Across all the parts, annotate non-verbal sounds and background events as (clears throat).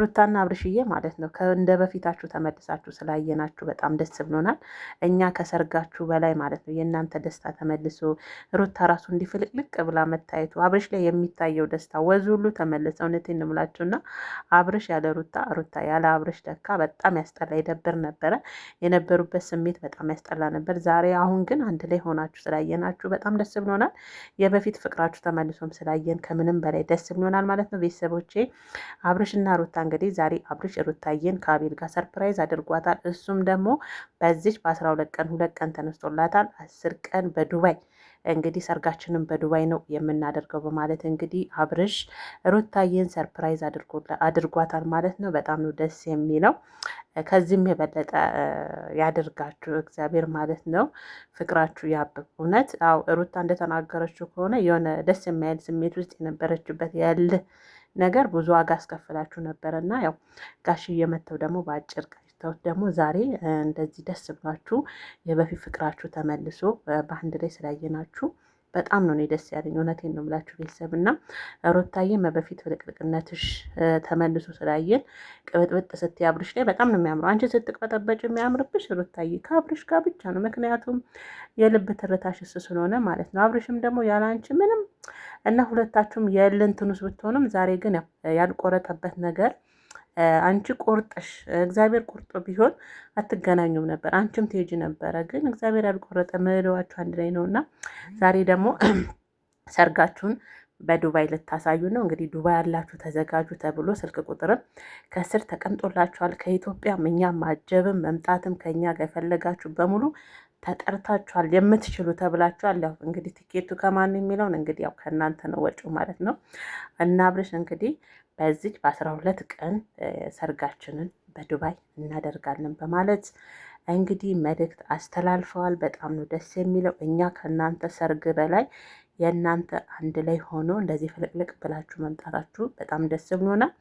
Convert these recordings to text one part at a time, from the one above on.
ሩታና አብርሽዬ ማለት ነው እንደ በፊታችሁ ተመልሳችሁ ስላየናችሁ በጣም ደስ ብሎናል። እኛ ከሰርጋችሁ በላይ ማለት ነው የእናንተ ደስታ ተመልሶ ሩታ ራሱ እንዲፍልቅልቅ ብላ መታየቱ አብርሽ ላይ የሚታየው ደስታ ወዙ ሁሉ ተመልሰ እውነት እንምላችሁና አብርሽ ያለ ሩታ፣ ሩታ ያለ አብርሽ ደካ በጣም ያስጠላ ይደብር ነበረ። የነበሩበት ስሜት በጣም ያስጠላ ነበር። ዛሬ አሁን ግን አንድ ላይ ሆናችሁ ስላየናችሁ በጣም ደስ ብሎናል። የበፊት ፍቅራችሁ ተመልሶም ስላየን ከምንም በላይ ደስ ብሎናል ማለት ነው ቤተሰቦቼ አብርሽና ሩታ እንግዲህ ዛሬ አብርሽ ሩታዬን ከአቤል ጋር ሰርፕራይዝ አድርጓታል። እሱም ደግሞ በዚች በአስራ ሁለት ቀን ሁለት ቀን ተነስቶላታል። አስር ቀን በዱባይ እንግዲህ ሰርጋችንን በዱባይ ነው የምናደርገው በማለት እንግዲህ አብርሽ ሩታዬን ሰርፕራይዝ አድርጓታል ማለት ነው። በጣም ነው ደስ የሚለው። ከዚህም የበለጠ ያደርጋችሁ እግዚአብሔር ማለት ነው። ፍቅራችሁ ያብብ። እውነት ሩታ እንደተናገረችው ከሆነ የሆነ ደስ የማይል ስሜት ውስጥ የነበረችበት ያልህ ነገር ብዙ ዋጋ አስከፍላችሁ ነበር እና ያው ጋሽዬ መተው ደግሞ በአጭር ቀርተውት ደግሞ ዛሬ እንደዚህ ደስ ብሏችሁ የበፊት ፍቅራችሁ ተመልሶ በአንድ ላይ ስላየናችሁ በጣም ነው እኔ ደስ ያለኝ። እውነቴን ነው የምላችሁ ቤተሰብ እና ሮታዬ በፊት ፍልቅልቅነትሽ ተመልሶ ስላየን ቅብጥብጥ ስትይ አብርሽ ላይ በጣም ነው የሚያምረው። አንቺ ስትቅበጠበጭ የሚያምርብሽ ሮታዬ ከአብርሽ ጋር ብቻ ነው። ምክንያቱም የልብ ትርታሽ እሱ ስለሆነ ማለት ነው። አብርሽም ደግሞ ያለ አንቺ ምንም እና ሁለታችሁም የልንትኑስ ብትሆንም ዛሬ ግን ያልቆረጠበት ነገር አንቺ ቆርጠሽ እግዚአብሔር ቆርጦ ቢሆን አትገናኙም ነበር፣ አንቺም ትሄጂ ነበረ። ግን እግዚአብሔር ያልቆረጠ መለዋችሁ አንድ ላይ ነው እና ዛሬ ደግሞ (clears throat) ሰርጋችሁን በዱባይ ልታሳዩ ነው። እንግዲህ ዱባይ ያላችሁ ተዘጋጁ ተብሎ ስልክ ቁጥርም ከስር ተቀምጦላችኋል። ከኢትዮጵያ እኛም ማጀብም መምጣትም ከኛ ጋር የፈለጋችሁ በሙሉ ተጠርታችኋል፣ የምትችሉ ተብላችኋል። ያው እንግዲህ ትኬቱ ከማን የሚለውን እንግዲህ ያው ከእናንተ ነው ወጪው ማለት ነው። እና አብርሽ እንግዲህ በዚች በአስራ ሁለት ቀን ሰርጋችንን በዱባይ እናደርጋለን በማለት እንግዲህ መልእክት አስተላልፈዋል። በጣም ነው ደስ የሚለው። እኛ ከእናንተ ሰርግ በላይ የእናንተ አንድ ላይ ሆኖ እንደዚህ ፍልቅልቅ ብላችሁ መምጣታችሁ በጣም ደስ ብሎናል።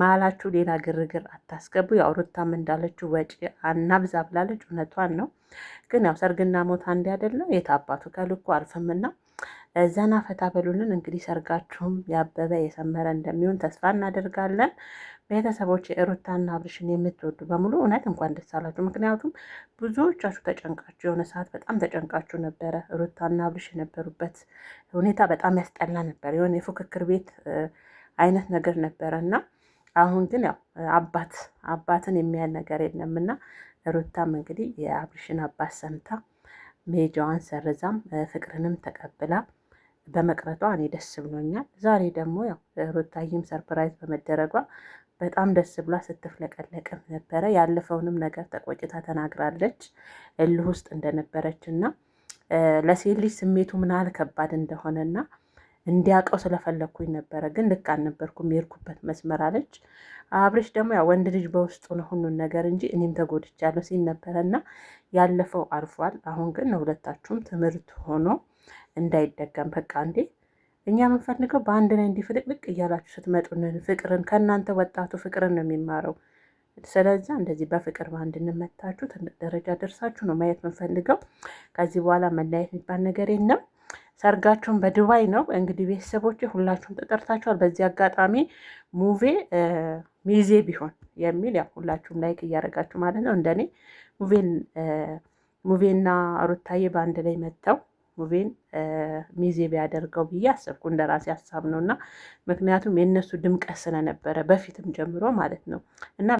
መሀላችሁ ሌላ ግርግር አታስገቡ። ያው ሩታም እንዳለችው ወጪ አናብዛ ብላለች፣ እውነቷን ነው። ግን ያው ሰርግና ሞት አንድ አይደለም። የታባቱ ከልኩ አልፍምና ዘና ፈታ በሉልን። እንግዲህ ሰርጋችሁም ያበበ የሰመረ እንደሚሆን ተስፋ እናደርጋለን። ቤተሰቦች የሩታና አብርሽን የምትወዱ በሙሉ እውነት እንኳን ደስ አላችሁ። ምክንያቱም ብዙዎቻችሁ ተጨንቃችሁ የሆነ ሰዓት በጣም ተጨንቃችሁ ነበረ። ሩታና አብርሽ የነበሩበት ሁኔታ በጣም ያስጠላ ነበር። የሆነ የፉክክር ቤት አይነት ነገር ነበረ እና አሁን ግን ያው አባት አባትን የሚያል ነገር የለም እና ሩታም እንግዲህ የአብርሽን አባት ሰምታ ሜጃዋን ሰርዛም ፍቅርንም ተቀብላ በመቅረቷ እኔ ደስ ብሎኛል። ዛሬ ደግሞ ያው ሩታዬም ሰርፕራይዝ በመደረጓ በጣም ደስ ብሏ ስትፍለቀለቅም ነበረ። ያለፈውንም ነገር ተቆጭታ ተናግራለች፣ እልህ ውስጥ እንደነበረች እና ለሴት ልጅ ስሜቱ ምናል ከባድ እንደሆነ እንደሆነና እንዲያውቀው ስለፈለግኩኝ ነበረ፣ ግን ልክ አልነበርኩም የሄድኩበት መስመር አለች። አብሬሽ ደግሞ ያው ወንድ ልጅ በውስጡ ነው ሁሉን ነገር እንጂ እኔም ተጎድቻለሁ ሲል ነበረ እና ያለፈው አልፏል። አሁን ግን ሁለታችሁም ትምህርት ሆኖ እንዳይደገም በቃ እንዴ እኛ የምንፈልገው በአንድ ላይ እንዲፍልቅልቅ እያላችሁ ስትመጡንን ፍቅርን ከእናንተ ወጣቱ ፍቅርን ነው የሚማረው። ስለዛ እንደዚህ በፍቅር በአንድ እንመታችሁ ትልቅ ደረጃ ደርሳችሁ ነው ማየት የምንፈልገው። ከዚህ በኋላ መለያየት የሚባል ነገር የለም። ሰርጋችሁን በዱባይ ነው እንግዲህ ቤተሰቦች ሁላችሁም ተጠርታችኋል። በዚህ አጋጣሚ ሙቬ ሚዜ ቢሆን የሚል ያው ሁላችሁም ላይክ እያደረጋችሁ ማለት ነው። እንደኔ ሙቬና ሩታዬ በአንድ ላይ መጥተው ሙቤን ሚዜ ቢያደርገው ብዬ አሰብኩ። እንደ ራሴ ሀሳብ ነው እና ምክንያቱም የእነሱ ድምቀት ስለነበረ በፊትም ጀምሮ ማለት ነው እና